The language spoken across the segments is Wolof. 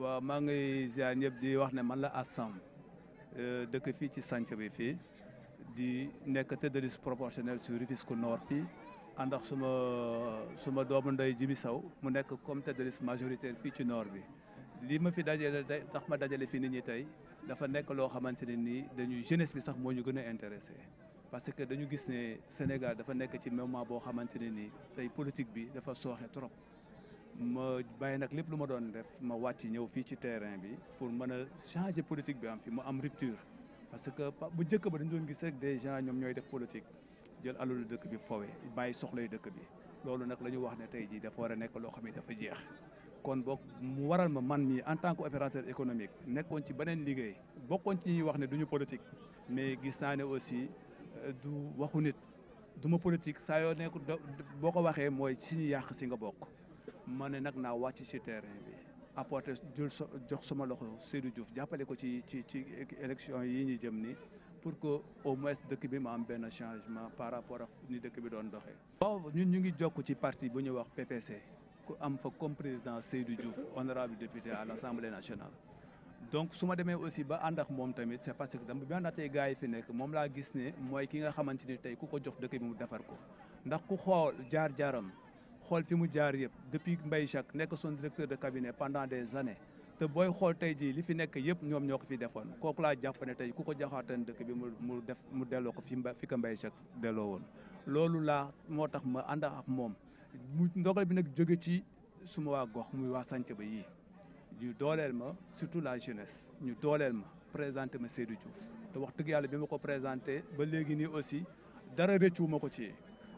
waaw maa ngi ziar ñëpp di wax ne man la Assane euh, dëkk fii ci sanc bi fii di nekk tête de liste proportionnelle sur Rufisque fii ànd ak suma suma doomu ndey Jibi Saw mu nekk comme tête de liste fii ci noor bi lii ma fi dajale tey tax ma dajale fii nit ñi tey dafa nekk loo xamante ne nii dañuy jeunesse bi sax moo ñu gën a intéressé parce que dañu gis ne Sénégal dafa nekk ci moment boo xamante ne nii tey politique bi dafa sooxe trop ma bàyyi nag lépp lu ma doon def ma wàcc ñëw fii ci terrain bi pour mën a changer politique bi am fi mu am rupture parce que bu njëkk ba dañu doon gis rek des ñoom ñooy def politique jël alalu dëkk bi fowe bàyyi soxlay dëkk bi loolu nag la ñu wax ne tey jii dafa war a nekk loo xam ne dafa jeex kon boog mu waral ma man mii en tant que opérateur économique nekkoon ci beneen liggéey bokkoon ci ñuy wax ne duñu politique mais gis naa ne aussi euh, du waxu nit du ma politique saa yoo nekk boo ko waxee mooy ci ñu yàq si nga bokk ma ne nag naa wàcc ci terrain bi apporter jël jox sama loxo Seydou Diouf jàppale ko ci ci ci élection yi ñu jëm ni pour que au moins dëkk bi ma am benn changement par rapport ak ni dëkk bi doon doxee. waaw ñun ñu ngi jokk ci parti bu ñu wax PPC ku am fa comme président Seydou Diouf honorable député à l'Assemblée nationale. donc su ma demee aussi ba ànd ak moom tamit c'est parce que dama bi ma tey gars yi fi nekk moom laa gis ne mooy ki nga xamante ni tey ku ko jox dëkk bi mu defar ko ndax ku xool jaar-jaaram. xool fi yëpp depuis mbay Jacques nekk son directeur de cabinet pendant des années te booy xool tey jii li fi nekk yëpp ñoom ñoo ko fi defoon kooku laa jàpp ne tey ku ko joxaateen dëkk bi mu mu def mu delloo ko fi fi ko Mbaye Jacques delloo woon loolu laa moo tax ma ànd ak moom mu ndogal bi nag jóge ci suma waa gox muy waa sànc ba yii ñu dooleel ma surtout la jeunesse ñu dooleel ma présenter ma Seydou Diouf te wax dëgg yàlla bi ma ko présenté ba léegi nii aussi dara rëccu ma ko ci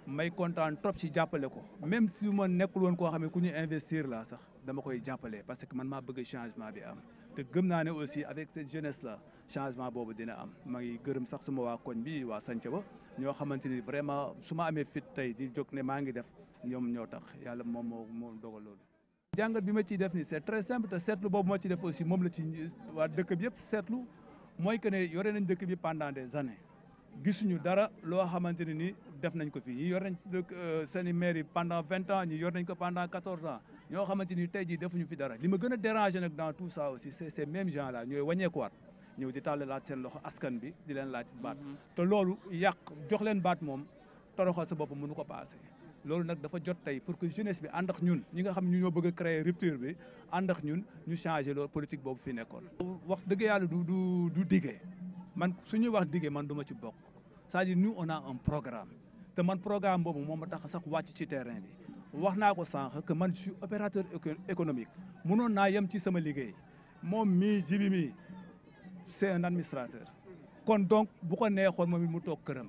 may kontaan trop ci jàppale ko même si ma nekkul woon koo xam ne ku ñu investir la sax dama koy jàppale parce que man maa bëgg changement bi am te gëm naa ne aussi avec cette jeunesse là boobu dina am ma ngi gërëm sax suma waa koñ bi waa sanc ba ñoo xamante ni vraiment su ma amee fit tey di jog ne maa ngi def ñoom ñoo tax yàlla moom moo moom dogal loolu jàngat bi ma ciy def ni c'est très simple te seetlu boobu moo ci def aussi moom la ci waa dëkk bi yëpp seetlu mooy que ne yore nañ dëkk bi pendant des années gisuñu dara loo xamante ne ni def nañ ko fii ñi yor nañ euh, seen i maire yi pendant vingt ans ñi yor nañ ko pendant quatorze ans ñoo xamante ni tey jii defuñu fi dara li ma gën a déranger nag dans tout ça aussi c'est ces mêmes gens là ñooy wàññeekuwaat ñëw di tàll laaj seen loxo askan bi di leen laaj baat mm-hmm. te loolu yàq jox leen baat moom toroxal sa bopp mënu ko passé loolu nag dafa jot tey pour que jeunesse bi ànd ñun ñi nga xam ñu ñoo bëgg a créer rupture bi ànd ak ñun ñu changer loolu politique boobu fi nekkoon wax dëgg yàlla du du du diggee man su ñuy wax diggé man du ci bokk saa ji dire nous on a un programme te man programme boobu moom ma tax a sax wàcc ci terrain bi wax naa ko sànq que man je suis opérateur économique mënoon naa yem ci sama liggéey moom mii jibi mii c'est un administrateur kon donc bu ko neexoon moom mu toog këram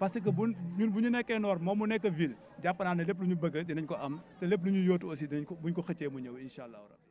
parce que bu ñun bu ñu nekkee moom mu nekk ville jàpp naa ne lépp lu ñu bëgg dinañ ko am te lépp lu ñu yóotu aussi dinañ ko buñ ko xëccee mu ñëw incha allah.